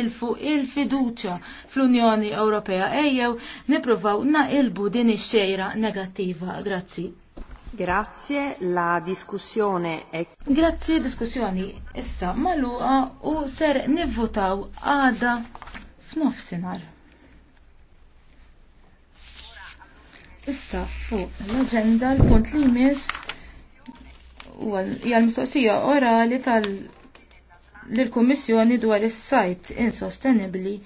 il fu il-fiduċa fl-Unjoni Ewropea ejjew nipruvaw naqilbu din ix-xejra negattiva. Grazzi. Grazie, la diskussjoni è... Grazie, diskussjoni issa maluqa u ser nivvotaw għada f'nofsinhar. Issa fuq l-agenda l-punt li jmiss u għal mistoqsija orali tal- lill-Kummissjoni dwar is-sajt insostenibbli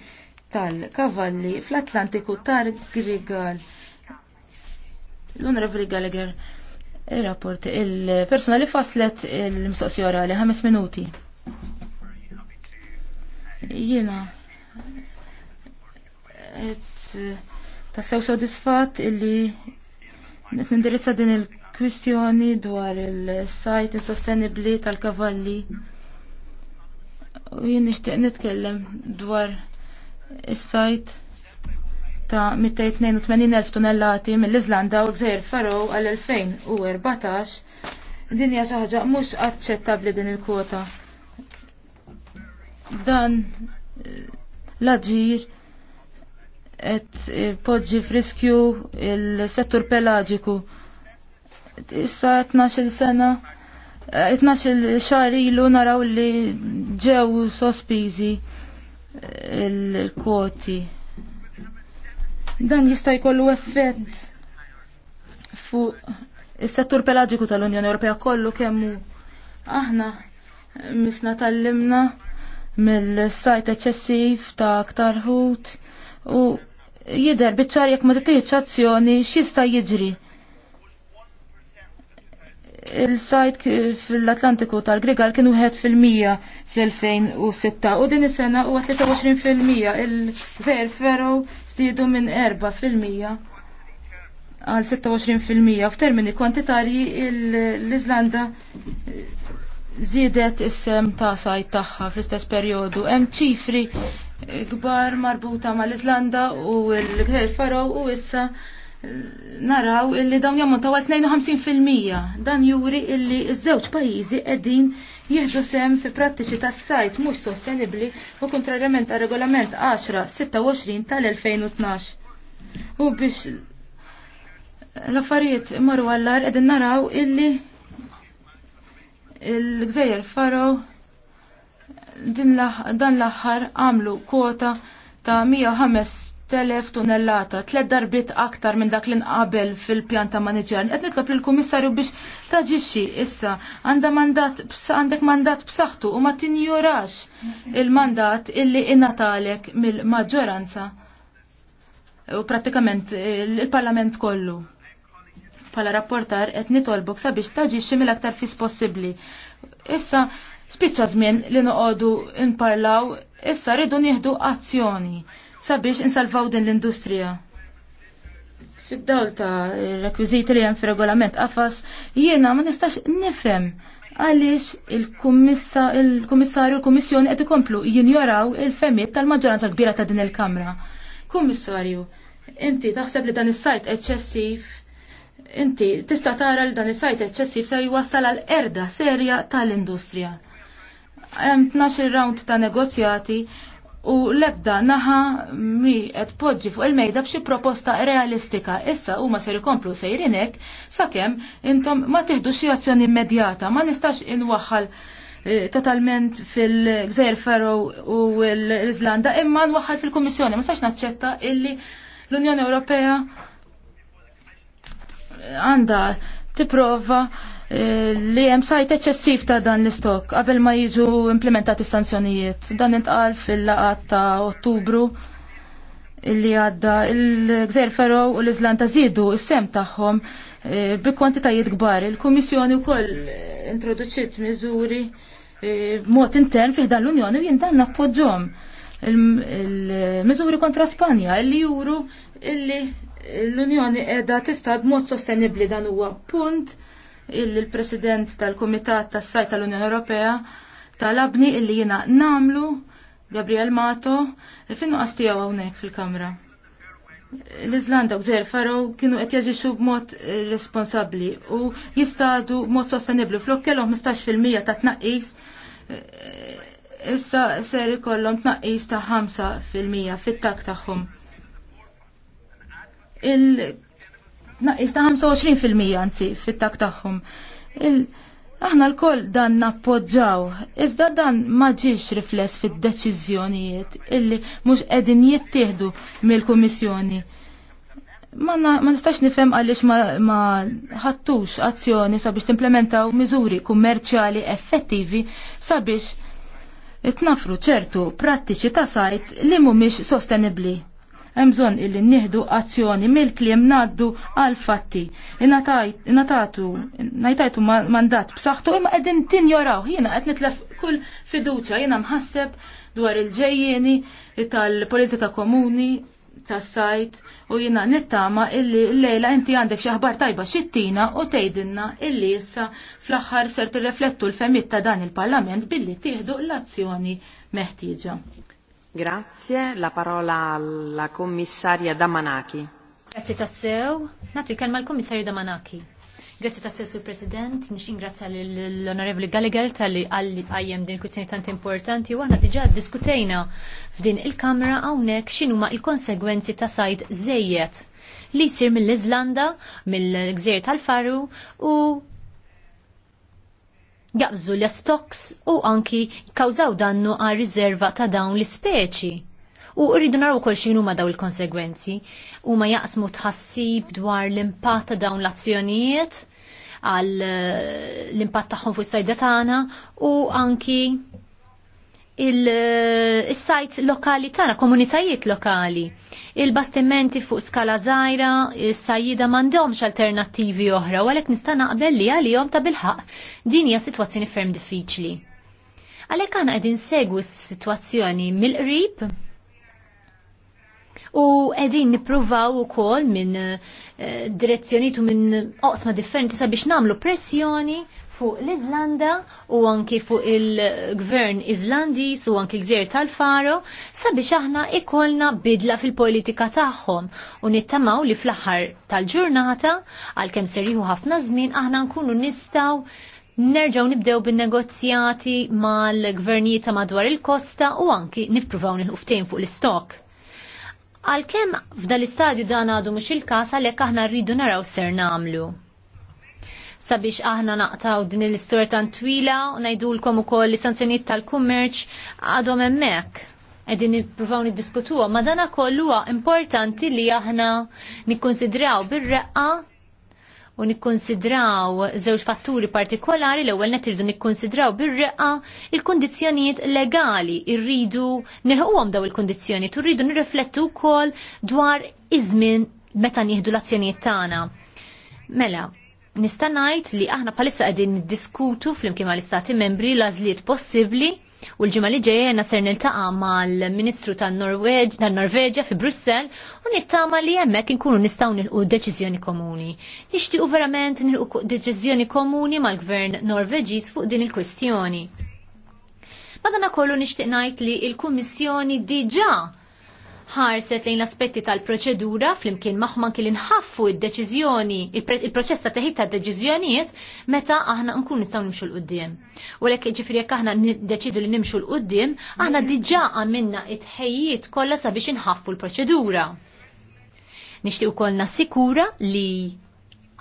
tal-kavalli fl-Atlantiku tar-Grigal. L-Onorevoli Gallagher, il-rapport, il-persona li faslet il-mistoqsija orali, ħames minuti. Jiena tassew sodisfat illi qed nindirizza din il-kwistjoni dwar il-sajt insostenibli tal-kavalli jien nixtieq nitkellem dwar is-sajt ta' 282.000 tonnellati mill-Iżlanda u l-Gżejjer Farow għal 2014 din hija xi ħaġa mhux aċċettabbli din il-kwota. Dan l-aġir qed poġġi f'riskju il-settur pelagiku. Issa 12 sena 12 xahar ilu naraw li ġew sospiżi il-kwoti. Dan jista' jkollu effett fuq is-settur pelagiku tal-Unjoni Ewropea kollu kemm hu aħna misna tallimna mill-sajt eċċessiv ta' aktar ħut u jidher biċċar jekk ma titieħx azzjoni x'jista' jiġri il-sajt fil-Atlantiku tal-Grigal kienu 1% fil-2006 u din is-sena huwa 23% il żer ferro stiedu minn 4% għal 26% f'termini kwantitarji l-Iżlanda żiedet is-sem ta' sajt tagħha fl-istess perjodu. Hemm ċifri kbar marbuta mal-Iżlanda u l-Gżejr Ferrow u issa naraw illi dawn jammu tawal 52% dan juri illi iż-żewġ pajjiżi qegħdin jieħdu sem fi prattiċi tas-sajt mhux sostenibbli u kontrarjament għal regolament 10-26 tal-2012. U biex l-affarijiet marru għallar qegħdin naraw illi l-gżejjer faro dan l-aħħar għamlu kwota ta' 105 telef tunnellata, tlet darbit aktar minn dak li nqabel fil-pjanta maniġer. Ed nitlob il kummissarju biex taġixxi issa għandha mandat għandek mandat b'saħħtu u ma tinjurax il-mandat illi innatalek mill-maġġoranza u prattikament il-Parlament kollu. Pala rapportar qed nitolbok sabiex taġixxi mill-aktar fis possibbli. Issa spiċċa żmien li noqogħdu nparlaw, issa rridu nieħdu azzjoni sabiex insalvaw din l-industrija. Fid-dawl ta' rekwiziti li hemm fir-regolament għafas, jiena ma nistax nifhem għaliex il-kummissarju l-kummissjoni qed ikomplu jinjoraw il-femiet tal-maġġoranza kbira ta' din il-Kamra. Kummissarju, inti taħseb li dan is-sajt eċċessiv inti tista' tara li dan is-sajt eċċessiv se jwassal għal erda serja tal-industrija. Għem 12 round ta' negozjati u l-ebda naħa mi qed poġġi fuq il-mejda b'xi proposta realistika. Issa huma ser ikomplu sejrin hekk sakemm intom ma tieħdu xi azzjoni immedjata, ma nistax inwaħħal eh, totalment fil-Gżejjer Ferro u l-Iżlanda imma nwaħħal fil-Kummissjoni. Ma stax naċċetta illi l-Unjoni Ewropea għandha tipprova Eh, li hemm sajt eċċessiv ta' dan l-istok qabel ma jiġu implementati sanzjonijiet. Dan intqal fil-laqat ta' Ottubru li għadda il gżer Ferro u l-Iżlanda żiedu is-sem tagħhom eh, bi kwantitajiet kbar. Il-Kummissjoni wkoll eh, introduċiet miżuri b'mod intern fih dan l-Unjoni u jien dan nappoġġhom il-miżuri kontra Spanja li juru illi l-Unjoni qiegħda tista' b'mod sostenibbli dan huwa punt il-President tal-Komitat tas-Sajt tal-Unjoni Ewropea talabni illi jina namlu Gabriel Mato finnu tiegħu hawnhekk fil-Kamra. L-Iżlanda u Gżer Faro kienu qed jaġixxu b'mod responsabbli u jistadu b'mod sostenibbli flok kellhom 15% ta' tnaqqis eh, issa ser ikollhom tnaqqis ta' 5% fit-tak tagħhom naqis ta' 25% anzi fit-tak tagħhom. Aħna l-koll dan nappoġġaw, iżda dan ma ġiex rifless fid-deċiżjonijiet illi mhux qegħdin jittieħdu mill-Kummissjoni. Ma, nistax nifhem għaliex ma, ma ħattux azzjoni sabiex timplementaw miżuri kummerċjali effettivi sabiex it-nafru ċertu prattiċi ta' sajt li mhumiex sostenibbli. Hemm bżonn illi nihdu azzjoni mill-kliem ngħaddu għal fatti. Ingħatatu najtajtu mandat b'saħħtu imma qegħdin tinjoraw jiena qed nitlef kull fiduċja jiena mħasseb dwar il-ġejjeni tal-politika komuni tas-sajt u jiena nittama illi l-lejla inti għandek xi tajba xittina u tgħidilna illi issa fl-aħħar ser tirreflettu l femitta ta' dan il-Parlament billi tieħdu l-azzjoni meħtieġa. Grazie, la parola alla commissaria Damanaki. Grazie tassew, natu kelma l-Kommissarju Damanaki. Grazie tassew sul President, nix ingrazzja l-Onorevoli Gallagher tal-li għajjem din kwistjoni tant importanti u għana diġa diskutejna f'din il-Kamra għawnek xinuma il-konsegwenzi ta' sajt zejjet li jisir mill-Izlanda, mill-Gżir tal-Faru u jaqbżu l-stocks u anki kawżaw dannu għal riserva ta' dawn l-speċi. U rridu naraw kol xinu ma daw il-konsegwenzi u ma jaqsmu tħassib dwar l-impatt ta' dawn l-azzjonijiet għal eh, l-impatt tagħhom fuq sajda tagħna u anki Eh, il-sajt lokali tana, komunitajiet lokali. Il-bastimenti fuq skala zaħira, il-sajjida mandomx alternativi oħra, u għalek nista' naqbel li għalihom ta' bilħaq din hija sitwazzjoni ferm diffiċli. Għalek għana għedin segwu s-situazzjoni mill-qrib u għedin nipruvaw eh, u kol minn direzzjonitu minn oqsma differenti sabiex namlu pressjoni fuq l-Izlanda u anki fuq il-gvern Izlandis u anki l-gżir tal-Faro sabiex aħna ikolna bidla fil-politika tagħhom u nittamaw li fl-aħħar tal-ġurnata għalkemm serriħu ħafna żmien aħna nkunu nistgħu Nerġaw nibdew bin-negozjati mal-gvernijiet ta' madwar il-kosta u anki nippruvaw nilħuftejn fuq l-istok. Għalkemm f'dan l-istadju dan għadu mhux il-każ għalhekk aħna rridu naraw ser namlu sabiex aħna naqtaw din l-istorja tan twila u ngħidulkom ukoll li sanzjonijiet tal-kummerċ għadhom hemmhekk għedin nippruvaw niddiskutuhom. ma dana kollu importanti li aħna nikkonsidraw bir-reqqa u nikkonsidraw żewġ fatturi partikolari l ewwel irdu nikkonsidraw bir-reqqa il kundizzjonijiet legali irridu nilħquhom daw il-kondizjoni rridu nirriflettu wkoll dwar iż-żmien meta nieħdu l-azzjonijiet tagħna. Mela, nista' ngħid li aħna bħalissa qegħdin niddiskutu flimkien mal-istati membri l-għażliet possibbli u l-ġimgħa li ġejja jiena ser niltaqa' mal-Ministru tan-Norweġ tan-Norveġja fi Brussell u nittama li hemmhekk inkunu nistgħu nilqu deċiżjoni komuni. Nixtiequ verament nilqu deċiżjoni komuni mal-Gvern Norveġiż fuq din il-kwestjoni. Madana kollu nixtieq ngħid li l-Kummissjoni diġà ħarset lejn l-aspetti tal-proċedura flimkien maħman kien nħaffu id-deċiżjoni, il-proċess ta' teħid ta' deċiżjonijiet meta aħna nkun nistgħu nimxu l-qudiem. U lek ġifieri jekk aħna niddeċidu li nimxu l-qudiem, aħna diġà għamilna it-ħejjiet kollha sabiex inħaffu l-proċedura. Nixtieq ukoll nassikura li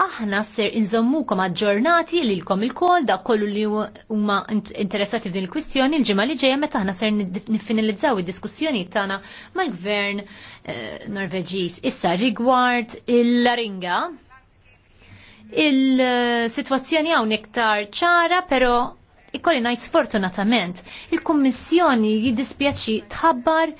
aħna ser inżommukom aġġornati lilkom il-kol da kollu li huma interessati f'din il-kwistjoni l-ġimgħa li ġejja meta aħna ser niffinalizzaw id-diskussjoni tagħna mal-Gvern eh, Norveġiż. Issa rigward il-Laringa il-sitwazzjoni eh, hawn iktar ċara, però Ikkolli najt sfortunatament, il-Kummissjoni jiddispjaċi tħabbar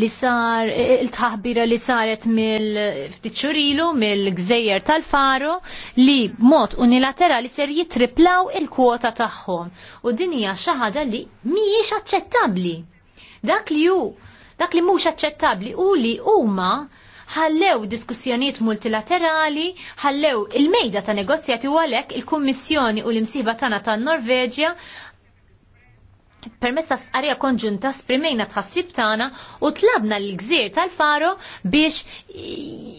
li sar il tħabbira li saret mill-ftitxurilu mill-gżejjer tal faru li mod unilaterali ser jitriplaw il-kwota tagħhom. U din hija xi ħaġa li mhijiex aċċettabbli. Dak li hu dak li mhux aċċettabbli u li huma ħallew diskussjonijiet multilaterali, ħallew il-mejda ta' negozjati u għalhekk il-Kummissjoni u l-imsiba tagħna tan-Norveġja permezz ta' stqarrija konġunta sprimejna tħassib tagħna u tlabna l-gżir tal-faro biex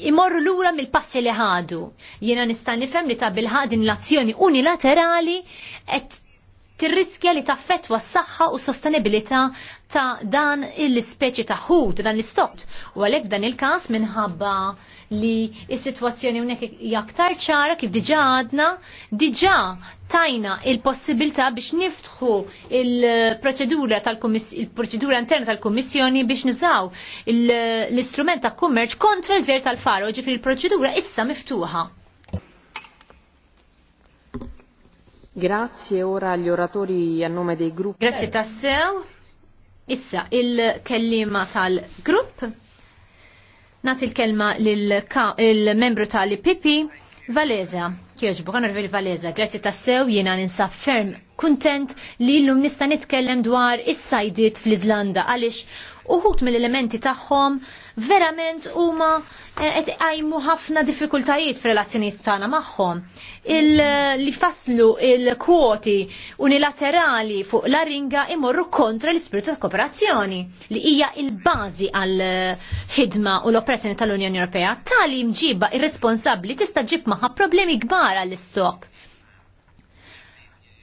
imorru lura mill-passi li ħadu. Jiena nista' nifhem li ta' bil-ħadin l-azzjoni unilaterali qed tirriskja li taffetwa s-saħħa u sostenibilità ta' dan il-speċi ta' ħut, dan l-istot. U għalek dan il-kas minħabba li il-situazzjoni unek jaktar ċara kif diġa għadna, diġa tajna il-possibilità biex niftħu il-proċedura tal-proċedura interna tal-Kommissjoni biex nizaw l-istrument ta' kummerċ kontra l-żer tal-faro, ġifir il-proċedura issa miftuħa. Grazie ora agli oratori a nome dei gruppi. Grazie tassew. Issa il-kellima tal-grupp. Nat il-kelma l membru tal ipp Valeza. Kieġbu, għanur Valeza. Grazie tassew jena ninsa ferm kuntent li l-lum nista nitkellem dwar is-sajdiet fl-Izlanda għalix uħut mill-elementi tagħhom verament huma eh, qed għajmu ħafna diffikultajiet f'relazzjonijiet tagħna magħhom. Li faslu il-kwoti unilaterali fuq l-aringa imorru kontra l-ispirtu ta' kooperazzjoni li hija il-bażi għal ħidma u l-operazzjoni tal-Unjoni Ewropea. Tali mġiba irresponsabbli tista' ġib maħħa problemi kbar għall-istok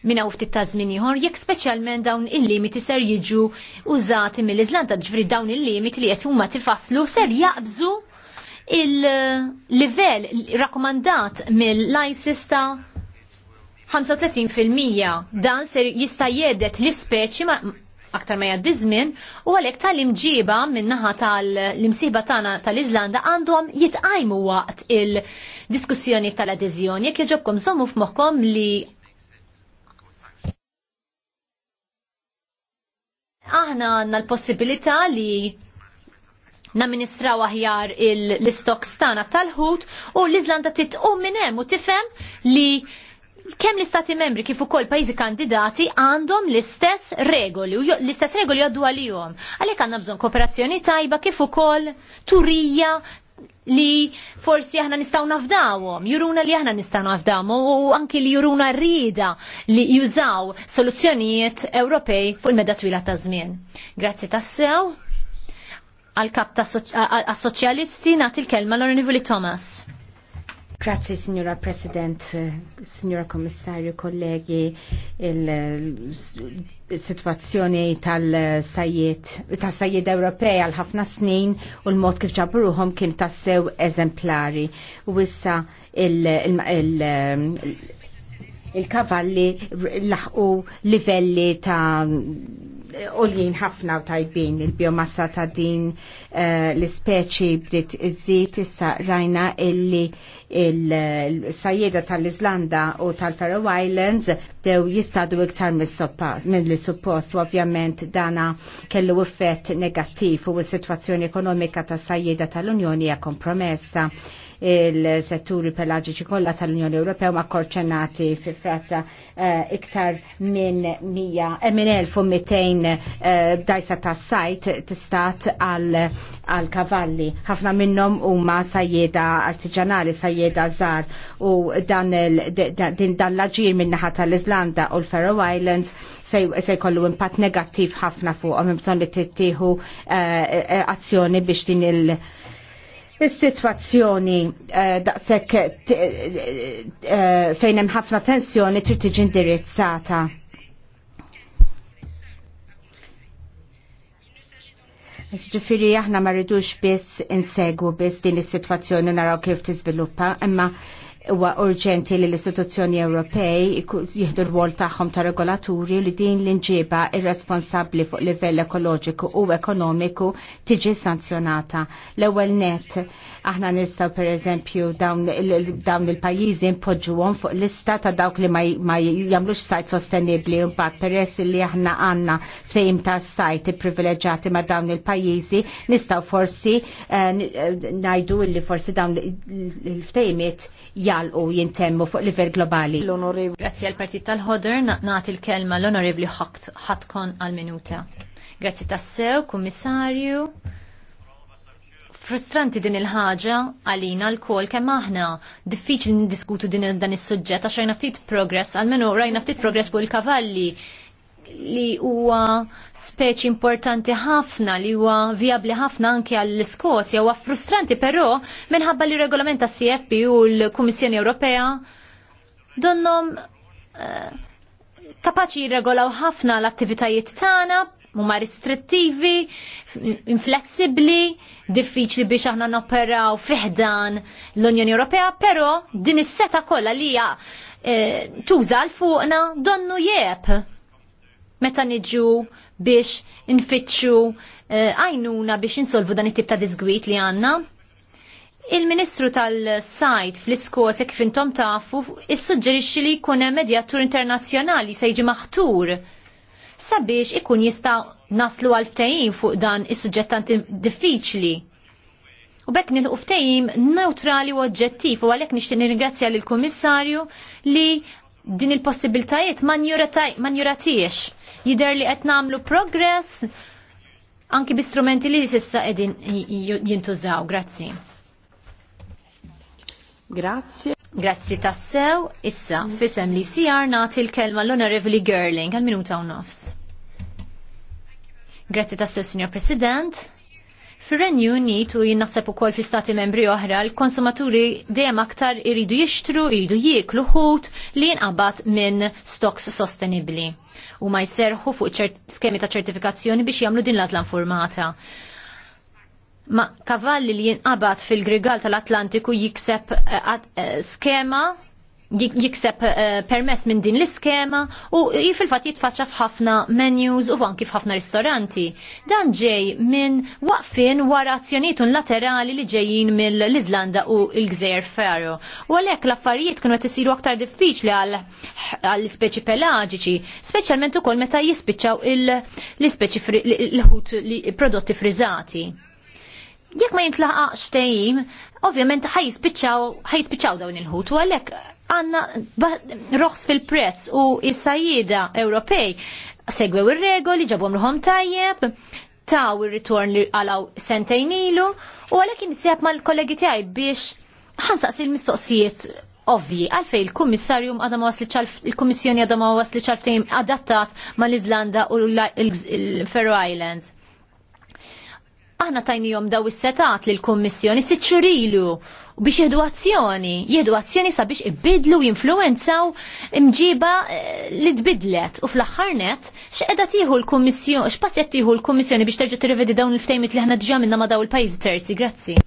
minna uftit ta' żmien ieħor jekk speċjalment dawn il-limiti ser jiġu użati mill-Iżlanda, ġifri dawn il-limiti li qed huma tifasslu ser jaqbżu il-livell rakkomandat mill-ISIS ta' 35% dan ser jista' jedet l-ispeċi aktar ma jaddizmin żmien u għalhekk tal-imġiba min-naħa tal-imsiba tagħna tal izlanda għandhom jitqajmu waqt il-diskussjoni tal-adeżjoni. Jekk jogħġobkom żommu f'moħħkom li aħna għandna l-possibilità li namministraw aħjar l-istok stana tal-ħut u l izlanda titqum minn hemm u tifhem li kemm l-istati membri kif ukoll pajjiżi kandidati għandhom l-istess regoli u l-istess regoli għaddu għalihom. Għalhekk għandna bżonn kooperazzjoni tajba kif ukoll turija li forsi aħna nistaw nafdawhom, juruna li aħna nistaw nafdawhom u anki li juruna rrida li jużaw soluzzjonijiet Ewropej fuq il-meda twila ta' żmien. Grazzi tassew. Għal-kap ta' soċjalisti nagħti l-kelma l-Onorevoli Thomas. Grazzi, Signora President, Signora Kommissarju, kollegi, il-situazzjoni tal-sajiet, tal-sajiet Ewropej għal ħafna snin u l-mod kif ġabruhom kien tassew eżemplari. U issa il-, il, il, il il-kavalli laħqu livelli ta' oljien ħafna u tajbin il-biomassa ta' din eh, l-speċi bdiet iżżid issa rajna illi il-sajjeda tal islanda u tal-Faroe Islands dew jistadu iktar minn li suppost u ovvjament dana kellu effett negattiv u s-situazzjoni ekonomika ta' sajjeda tal-Unjoni hija kompromessa il-setturi pelagiċi kollha tal-Unjoni Ewropea ma' korċenati fi Franza eh, iktar minn 1200 eh, eh, dajsa ta' sajt tistat għal kavalli. Ħafna minnhom huma sajjeda artiġanali, sajjeda zar u dan l-aġir min-naħa tal izlanda u l-Faroe Islands se jkollu impatt negattiv ħafna fuqhom, għamim bżon li tittieħu azzjoni biex din il- Is-sitwazzjoni eh, daqshekk eh, eh, fejn hemm ħafna tensjoni trid tiġi indirizzata. Ġifiri, aħna ma rridux biss insegwu biss din is-sitwazzjoni naraw kif tiżviluppa, imma huwa urġenti li l-istituzzjoni Ewropej jieħdu r-wol tagħhom ta' regolaturi li din l-inġiba irresponsabbli fuq livell ekoloġiku u ekonomiku tiġi sanzjonata. L-ewwel net aħna nistgħu pereżempju dawn il-pajjiżi npoġġuhom fuq lista ta' dawk li ma jagħmlux sajt sostenibbli u mbagħad peress li aħna għandna fejm ta' sajt privileġġati ma' dawn il-pajjiżi nistgħu forsi eh, eh, ngħidu li forsi dawn il-ftejmiet jalqu jintemmu fuq livell globali. L-onorevoli. Grazzi għal partit tal ħodr naqnat il-kelma l li ħatkon għal-minuta. Grazzi tassew, kummissarju frustranti din il-ħaġa għalina l-kol kemm aħna diffiċli niddiskutu din dan is-suġġett għax rajna ftit progress, għalmenu rajna ftit progress fuq il-kavalli li huwa speċi importanti ħafna li huwa viabli ħafna anke għall iskozja huwa frustranti però minħabba li regolament ta' CFP u l-Kummissjoni Ewropea donnom eh, kapaċi jirregolaw ħafna l-attivitajiet tagħna huma restrittivi, inflessibbli, diffiċli biex aħna noperaw fiħdan l-Unjoni Ewropea, però din is-seta kollha li hija eh, tuża l fuqna donnu jieb meta niġu biex infittxu eh, għajnuna biex insolvu dan it-tip ta' disgwit li għanna. Il-Ministru tal-Sajt fl-Iskozja kif intom tafu issuġġerixxi li jkun hemm medjatur internazzjonali se jiġi maħtur sabiex ikun jista' naslu għal ftehim fuq dan is-suġġett diffiċli. U bekk nilħu ftehim neutrali u oġġettiv u għalhekk nixtieq nirringrazzja lill-Kummissarju li din il-possibiltajiet ma juratiex Jider li qed nagħmlu progress anki bistrumenti li sissa qegħdin jintużaw. Grazzi. Grazie. Grazzi tassew, issa, fissem li sijar nati l-kelma l-Honorevoli Girling, għal minuta u nofs. Grazzi tassew, Signor President. Fir-Renju Unit u jinnaħseb ukoll fi stati membri oħra, l-konsumaturi dejjem aktar iridu jixtru, iridu jieklu ħut li jinqabad minn stoks sostenibli u ma jserħu fuq skemi ta' ċertifikazzjoni biex jagħmlu din l-għażla informata. Ma kavalli li jinqabat fil-grigal tal-Atlantiku jikseb eh, eh, skema jikseb eh, permess minn din l-iskema u fil-fat jitfaċċa f'ħafna menus u anki f'ħafna ristoranti. Dan ġej minn waqfin wara azzjonietun laterali li ġejjin mill-Iżlanda u l-Gżejjer Faro. U għalhekk l-affarijiet kienu qed isiru aktar diffiċli għall-ispeċi pelagiċi, speċjalment ukoll meta jispiċċaw l-ispeċi l-ħut prodotti frizzati. Jekk ma jintlaqax tejjim, ovvjament ħajspiċċaw dawn il-ħut u għalhekk għandna roħs fil-prezz u s-sajjieda Ewropej segwew ir-regoli, ġabhom ruħom tajjeb, taw ir-ritorn li għalaw sentejn ilu u għalhekk insieb mal-kollegi tiegħi biex ħansaqs il-mistoqsijiet ovvji għalfej il-kummissarju għadha ma wasliċ il-kummissjoni għadha ma wasliċ għal adatta adatta mal-Iżlanda u l ferro Islands. Aħna tajnijom daw is-setat lil kummissjoni siċċurilu biex jihdu azzjoni, jihdu azzjoni sabiex ibidlu jinfluenzaw imġiba eh, li tbidlet u fl-aħħar xeqda tiħu l-kummissjoni, x'pass qed l-kummissjoni biex terġa' tirrevedi dawn il-ftejmit li ħna diġà ma daw il pajzi terzi. Grazzi.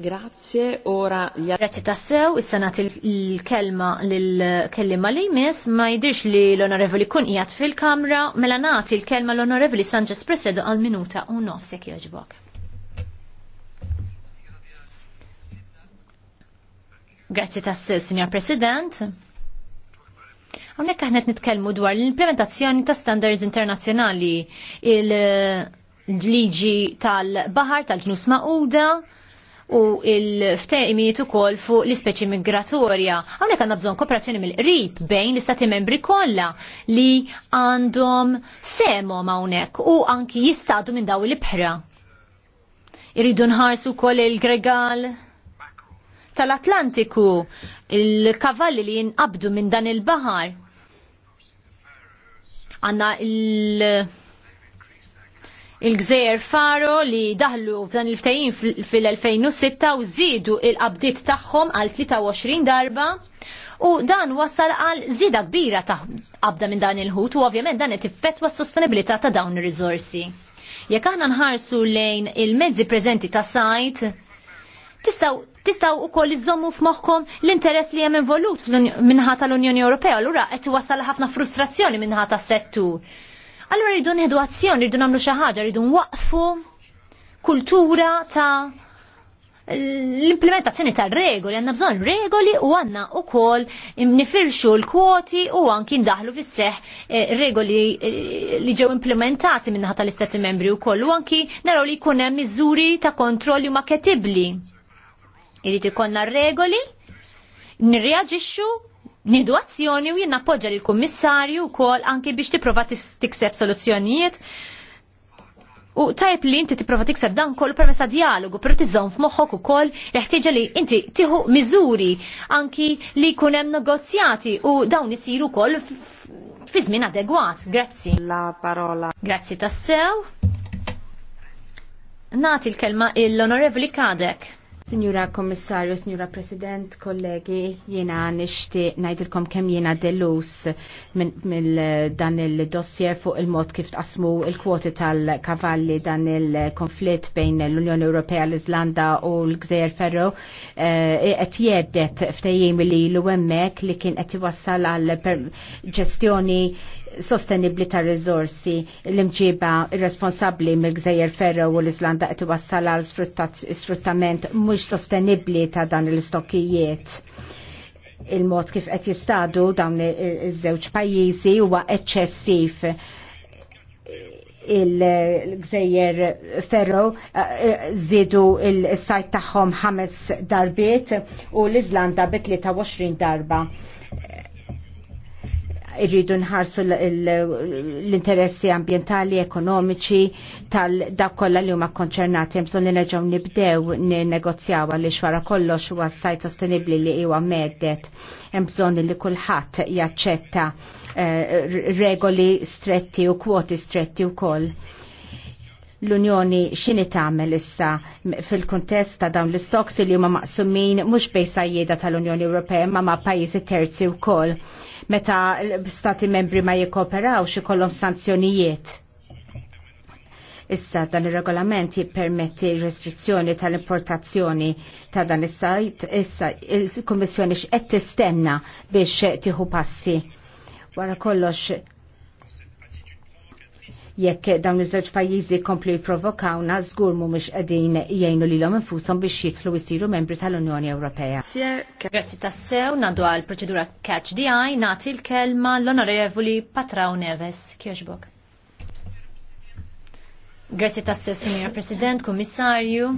Grazie, ora... gli Grazie tassew, il-sanat il-kelma l-kellima li jmiss, ma jidirx li l-onorevoli kun ijat fil-kamra, mela nati il-kelma l-onorevoli Sanchez Presedo għal-minuta u nofsek joġbok. Grazie tassew, signor President. Għamnek għahnet nitkelmu dwar l-implementazzjoni ta' standards internazzjonali, il-ġliġi tal-bahar, tal-ġnus ma'uda, u il ftejmi ukoll fuq l-ispeċi migratorja. Hawnhekk għandna bżonn kooperazzjoni mill-qrib bejn l-istati membri kollha li għandhom semo hawnhekk u anki jistadu minn daw l-ibħra. Irridu nħarsu wkoll il-gregal tal-Atlantiku, il-kavalli li jinqabdu minn dan il-baħar. Għanna il-, il-gżejjer Faro li daħlu f'dan il-ftajin fil-2006 u zidu il-qabdiet tagħhom għal 23 darba u dan wassal għal zida kbira ta' qabda minn dan il-ħut u ovvjament dan qed iffettwa s-sostenibilità ta' dawn ir-riżorsi. Jekk aħna nħarsu lejn il-mezzi preżenti ta' sajt, tistaw tistaw u koll iżommu f'moħħkom l-interess li hemm involut minnħata tal-Unjoni Ewropea, allura qed iwassal ħafna frustrazzjoni minnħata s settur Allora rridu nħedu azzjoni, rridu nagħmlu xi ħaġa, rridu nwaqfu kultura ta' l-implementazzjoni ta' regoli, għanna bżon regoli u għanna u kol nifirxu l-kwoti u għanki ndaħlu fisseħ eh, regoli eh, li ġew implementati minnaħat tal-istati membri u kol u għanki naraw li kunem miżuri ta' kontrolli ma' ketibli. Irrit ikonna regoli, nirreagġixxu nidu azzjoni u jien appoġġa lill kummissarju wkoll anke biex tipprova tikseb soluzzjonijiet. U tajb li inti tipprova tikseb dan kollu permessa dialogu, però tiżżomm f'moħħok ukoll l li inti tieħu miżuri anki li jkun hemm negozjati u dawn isiru wkoll fi żmien adegwat. Grazzi. La parola. Grazzi tassew. Nati l-kelma l-Onorevoli Kadek. Signora Kommissarju, Signora President, kollegi, jiena nishti najdilkom kem jiena delus mill dan il-dossier fuq il-mod kif tqasmu il-kwoti tal-kavalli dan il-konflitt bejn l-Unjoni Ewropea, l izlanda u l-Gżejjer Ferro eh, e qed jeddet ftejjim li l-UMEK li kien qed iwassal għal ġestjoni sostenibli ta' rizorsi l-imġiba irresponsabli mill-Gżejjer Ferro u l-Islanda qed iwassal għal sfruttament mhux sostenibli ta' dan l-istokkijiet il-mod kif qed jistadu dawn iż-żewġ pajjiżi huwa eċċessiv il-gżejjer ferro eh, zidu il-sajt tagħhom ħames darbiet u l-Iżlanda bit 23 darba irridu nħarsu l-interessi ambientali, ekonomiċi tal-dak kollha li huma konċernati hemm bżonn li nerġgħu nibdew negozjaw għaliex wara kollox huwa sajt sostenibbli li huwa medet. Hemm bżonn li kulħadd jaċċetta eh, regoli stretti u kwoti stretti wkoll l-Unjoni xini tagħmel issa fil-kuntest ta' dawn l-istoks li huma maqsumin mhux bej sajjieda tal-Unjoni Ewropea ma ma' pajizi terzi wkoll. Meta stati membri ma jikkoperawx ikollhom sanzjonijiet. Issa dan ir-regolament jippermetti restrizzjoni tal-importazzjoni ta' dan is-sajt, issa il-Kummissjoni x'qed tistenna biex tieħu passi. Wara kollox Jekk dawn iż-żewġ pajjiżi komplu jipprovokawna żgur mhumiex qegħdin jgħinu lilhom infushom biex jidħlu jsiru membri tal-Unjoni Ewropea. Grazzi tassew nadu għal proċedura catch the eye nagħti l-kelma l-Onorevoli Patraw Neves Kirchbok. Grazzi tassew, Signor President, Kummissarju.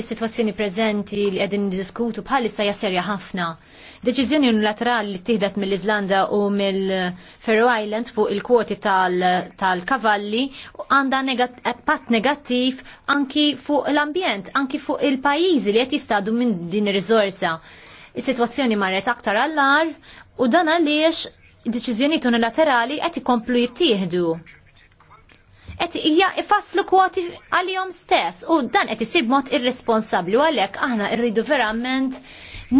Is-sitwazzjoni preżenti li qegħdin niddiskutu bħalissa hija serja ħafna. Deċiżjoni unilaterali li tieħdet mill-Iżlanda u mill-Faroe Islands fuq il-kwoti tal-kavalli għandha negat eh, negattiv anki fuq l-ambjent, anki fuq il-pajjiżi li qed jistadu minn din ir-riżorsa. Is-sitwazzjoni marret aktar għall-ar u dan għaliex id-deċiżjonijiet unilaterali qed ikomplu jittieħdu qed hija ifasslu kwoti għal-jom stess u dan qed isir mod irresponsabbli għalhekk aħna rridu verament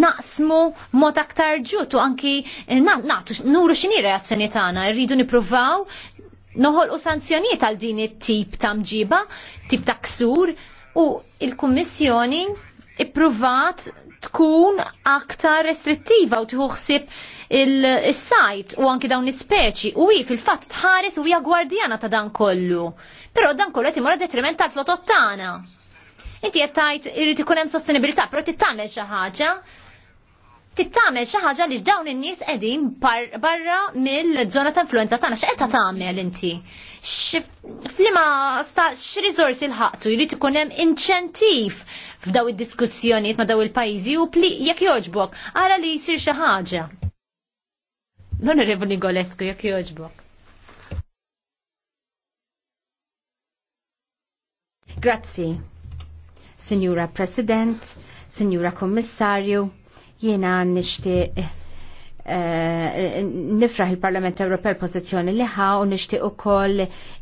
naqsmu mod aktar ġut u anki naqtu nuru xini reazzjoni tagħna, irridu nippruvaw noħolqu sanzjonijiet għal din it-tip ta' mġiba, tip ta' ksur u il-Kummissjoni ippruvat tkun aktar restrittiva u tħuħsib il-sajt u anki dawn ispeċi u hi fil-fatt tħares u hija gwardjana ta' dan kollu. Però dan kollu qed imur detriment tal-flotot tagħna. Inti qed tgħid irid ikun hemm sostenibilità, però tagħmel xi ħaġa tittamel xi ħaġa li dawn in-nies qegħdin barra mill-żona ta' influenza tagħna x'qed tagħmel inti? Flima sta x'riżorsi l-ħaqtu jrid ikun hemm inċentiv f'daw id-diskussjonijiet ma' daw il-pajjiżi u pli jekk jogħġbok, ara li jsir xi ħaġa. L-Onorevoli Golesku jekk jogħġbok. Grazzi, Signora President, Signora Kommissarju, Jiena nixtieq eh, nifraħ il-Parlament Ewropew pożizzjoni li ħa u nixtieq ukoll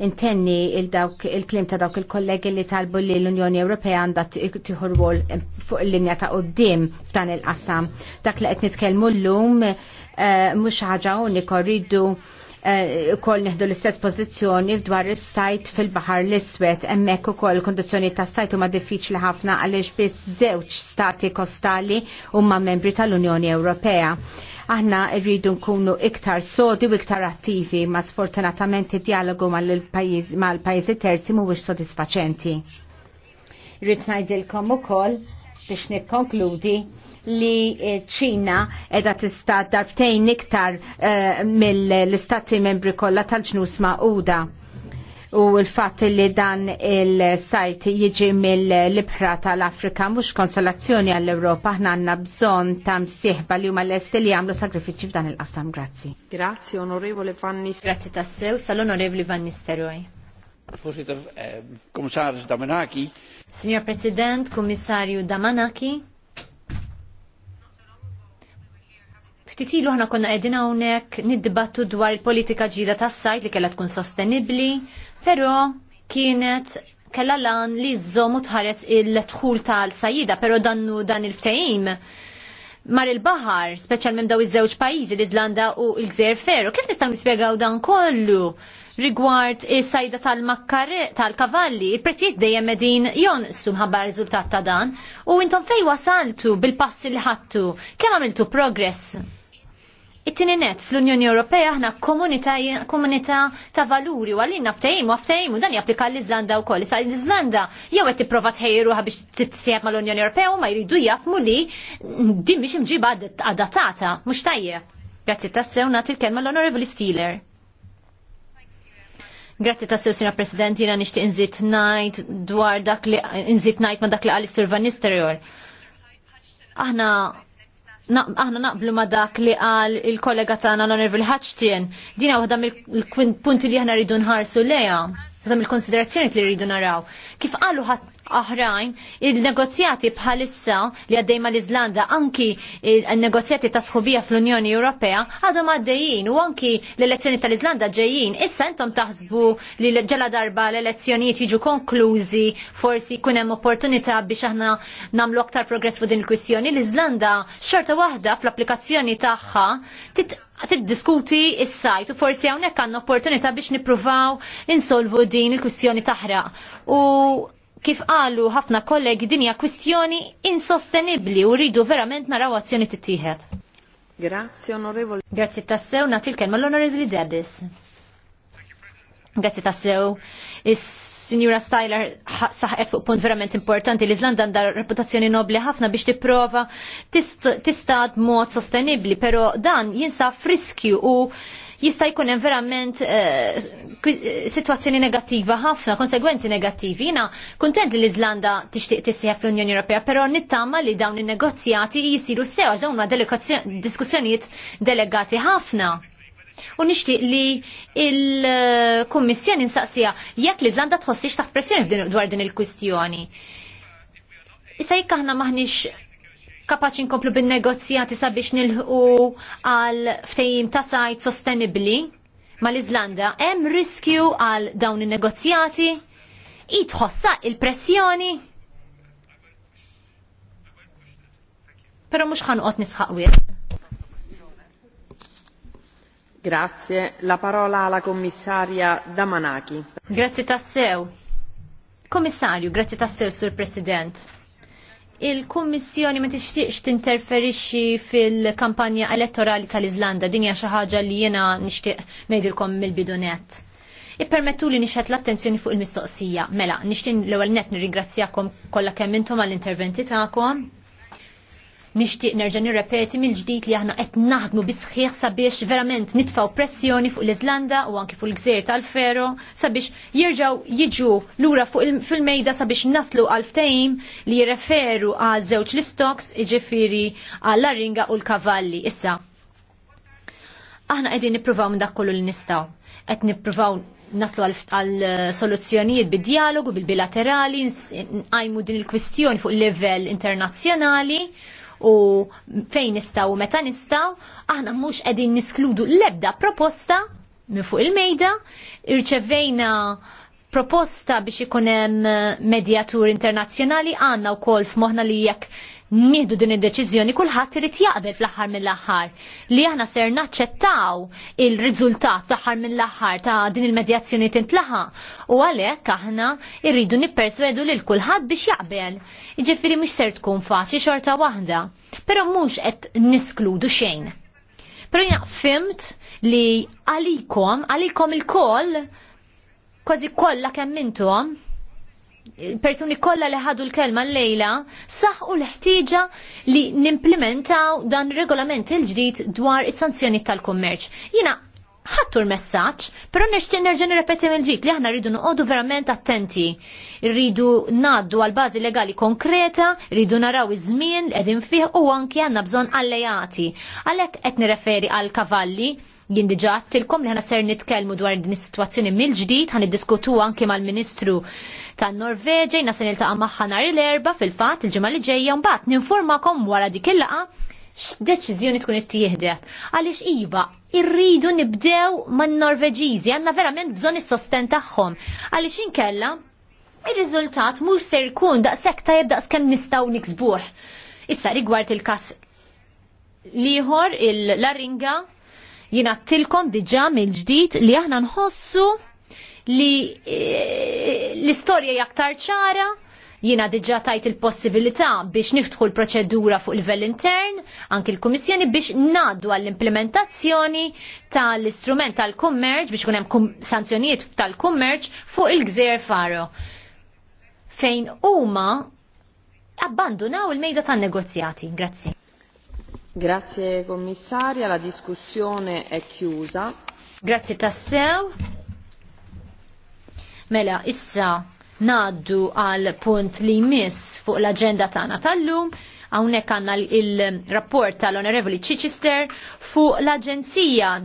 intenni il-klim ta' dawk il-kollegi li talbu li l-Unjoni Ewropea għandha tieħu rwol fuq il-linja ta' qudiem f'dan il-qasam. Dak li qed nitkellmu llum eh, mhux ħaġa unikorridu rridu Eh, kol neħdu l-istess pozizjoni dwar is-sajt fil-Baħar l-Iswed hemmhekk ukoll il kondizjoni tas-sajt huma diffiċli ħafna għaliex biss żewġ stati kostali huma membri tal-Unjoni Ewropea aħna rridu nkunu iktar sodi u iktar attivi ma sfortunatament id-dialogu mal-pajjiżi terzi mhuwiex sodisfaċenti. Rrid ngħidilkom ukoll biex nikkonkludi li eh, ċina edha tista darbtejn iktar eh, mill-istati membri kollha tal-ġnus ma'quda u l-fatt li dan il-sajt jiġi mill-libħra tal-Afrika mhux konsolazzjoni għall-Ewropa ħna għandna bżonn ta' msieħba li huma lesti li jagħmlu sagrifiċċji f'dan il-qasam. Grazzi. Grazzi Onorevoli Vannis. Grazzi tassew sal-Onorevoli Vannisteroj. Voorzitter, eh, commissaris Damanaki. Signor President, commissario Damanaki. Ftitilu ħna konna qegħdin hawnhekk niddibattu dwar il-politika ġdida tas-sajt li kellha tkun sostenibbli, però kienet kella lan li żommu tħares il-tħul tal-sajida, però dannu dan il-ftehim mar il-bahar, speċjalment daw iż-żewġ pajjiżi l-Iżlanda u l gżer Ferro. Kif nistgħu nispjegaw dan kollu? rigward is-sajda tal-makkarre tal-kavalli, il prezziet dejjem qegħdin jonqsu mħabba riżultat ta' dan u intom fejn wasaltu bil-passi li ħattu kemm għamiltu progress? It-tieni net fl-Unjoni Ewropea aħna komunità ta' valuri u għalin naftajim u għaftajim u dan japplika l-Iżlanda wkoll. Issa l izlanda jew qed tipprova tħejruha biex titsieħeb mal-Unjoni Ewropea u ma jridu jafmu li din biex imġiba adattata mhux tajjeb. Grazzi tassew nagħti l-kelma l-Onorevoli Steeler. Grazie ta' Sina President, jina nishtiq nżit najt dwar dak li nżid najt ma dak li għalli Sir Van Nistelrooy. Aħna aħna naqblu ma dak li għal il-kollega tagħna l-Honorable Hatchtin. Dina waħda mill-punti li aħna rridu nħarsu leja, waħda mill-konsiderazzjoni li rridu naraw. Kif qalu oħrajn, il-negozjati bħalissa li għaddej mal izlanda anki il-negozjati ta' sħubija fl-Unjoni Ewropea għadhom għaddejjin u anki l-elezzjoni tal izlanda ġejjin. Issa intom taħsbu li ġala darba l-elezzjonijiet jiġu konklużi forsi jkun hemm opportunità biex aħna nagħmlu aktar progress fuq din il-kwistjoni. L-Iżlanda xorta waħda fl-applikazzjoni tagħha tiddiskuti is-sajt u forsi hawnhekk għandna opportunità biex nippruvaw insolvu din il-kwistjoni taħraq. U kif qalu ħafna kollegi dinja kwistjoni insostenibbli u rridu verament naraw azzjoni tittieħed. Grazie onorevoli. Grazie tassew, natil kelma l-onorevoli Debis. Grazie tassew. Is-Sinjura Styler saħqet fuq punt verament importanti l-Iżlanda għandha reputazzjoni nobli ħafna biex tipprova tista' mod sostenibbli, però dan jinsab friskju u jista' jkun hemm verament eh, sitwazzjoni negattiva ħafna, konsegwenzi negattivi. Jiena kuntent li l-Iżlanda tixtieq tissieħ fl-Unjoni Ewropea, però nittama li dawn in-negozjati jisiru sew għax diskussjonijiet delegati ħafna. U nixtieq li il-Kummissjoni nsaqsija jekk l-Iżlanda tħossix taħt pressjoni dwar din il-kwistjoni. Issa jekk aħna maħniex kapaċi nkomplu bin-negozjati sabiex nilħu għal ftejim ta' sajt sostenibbli mal-Iżlanda. Hemm riskju għal dawn in-negozjati? jitħossa il-pressjoni? Però mhux ħanqot nisħaq wisq. Grazie. La parola alla commissaria Damanaki. Grazie tassew. Kommissarju, grazie tassew, Sur President il-Kummissjoni ma tixtieqx tinterferixxi fil-kampanja elettorali tal-Iżlanda din hija xi ħaġa li jiena nixtieq ngħidilkom mill nett. Ippermettu li nixħet l-attenzjoni fuq il-mistoqsija. Mela, nixtin l-ewwel net nirringrazzjakom kollha kemm intom għall-interventi tagħkom. Nixtieq nerġa' nirrepeti mill-ġdid li aħna qed naħdmu bisħieħ sabiex verament nitfgħu pressjoni fuq l-Iżlanda u anki fuq il-Gżejjer tal-Fero sabiex jerġgħu jiġu lura fuq fil-mejda sabiex naslu għal ftehim li jirreferu għal żewġ l-istoks, jiġifieri għal laringa u l-kavalli. Issa, aħna qegħdin nippruvaw minn dak kollu li nistgħu. Qed nippruvaw naslu għal eh, soluzzjonijiet bid-dialogu, bil-bilaterali, għajmu din il-kwistjoni fuq il-level internazzjonali u fejn nistaw u meta nistaw, aħna mhux qegħdin niskludu l-ebda proposta minn fuq il-mejda, irċevejna proposta biex ikun hemm medjatur internazzjonali għandna wkoll f'moħħna li jekk nieħdu din id-deċiżjoni kulħadd irid jaqbel fl-aħħar mill-aħħar li aħna ser naċċettaw il-riżultat fl-aħħar mill-aħħar ta' din il-medjazzjoni tintlaħa u għalhekk aħna rridu nipperswedu lil kulħadd biex jaqbel. Jiġifieri mhux ser tkun faċli xorta waħda, però mhux qed niskludu xejn. Pero jaqfimt li għalikom, għalikom il-koll, kważi kollha kemm intom, persuni kollha li ħadu l-kelma l-lejla saħqu l-ħtieġa li nimplementaw dan regolament il-ġdid dwar is-sanzjoni tal-kummerċ. Jina ħattu l-messaġġ, però nixtieq nerġa' nirrepeti mill-ġid li aħna rridu noqogħdu verament attenti. Rridu ngħaddu għal bażi legali konkreta, rridu naraw iż-żmien qegħdin fih u anki għandna bżonn allejati. Għalhekk qed nirreferi għal kavalli jien diġa għattilkom li ħana ser nitkellmu dwar din is-sitwazzjoni mill-ġdid ħan iddiskutu anke mal-Ministru tan-Norveġa jna se niltaqa' magħha nhar l-erba' fil-fatt il-ġimgħa li ġejja mbagħad ninformakom wara dik il-laqa' x'deċiżjoni tkun ittieħdet. Għaliex iva, irridu nibdew man-Norveġiżi, għandna verament bżonn is-sosten tagħhom. Għaliex inkella ir-riżultat mhux se jkun daqshekk tajjeb daqskemm nistgħu niksbuh. Issa rigward il-każ liħor il-Laringa Jina tilkom diġa mill-ġdid li aħna nħossu li e, l-istorja jaktar ċara jina diġa tajt il-possibilità biex niftħu l-proċedura fuq il vell intern, anki l-Komissjoni biex naddu għall-implementazzjoni tal-istrument tal-kummerċ biex kunem sanzjonijiet tal-kummerċ fuq il-gżer faro. Fejn huma abbandunaw il-mejda tan-negozjati. Grazzi. Grazie commissaria, la discussione è chiusa. Grazie tassew. Mela, issa naddu għal punt li jmiss fuq l-agenda tagħna tal-lum, hawnhekk għandna il-rapport tal-Onorevoli Chichester fuq l-Aġenzija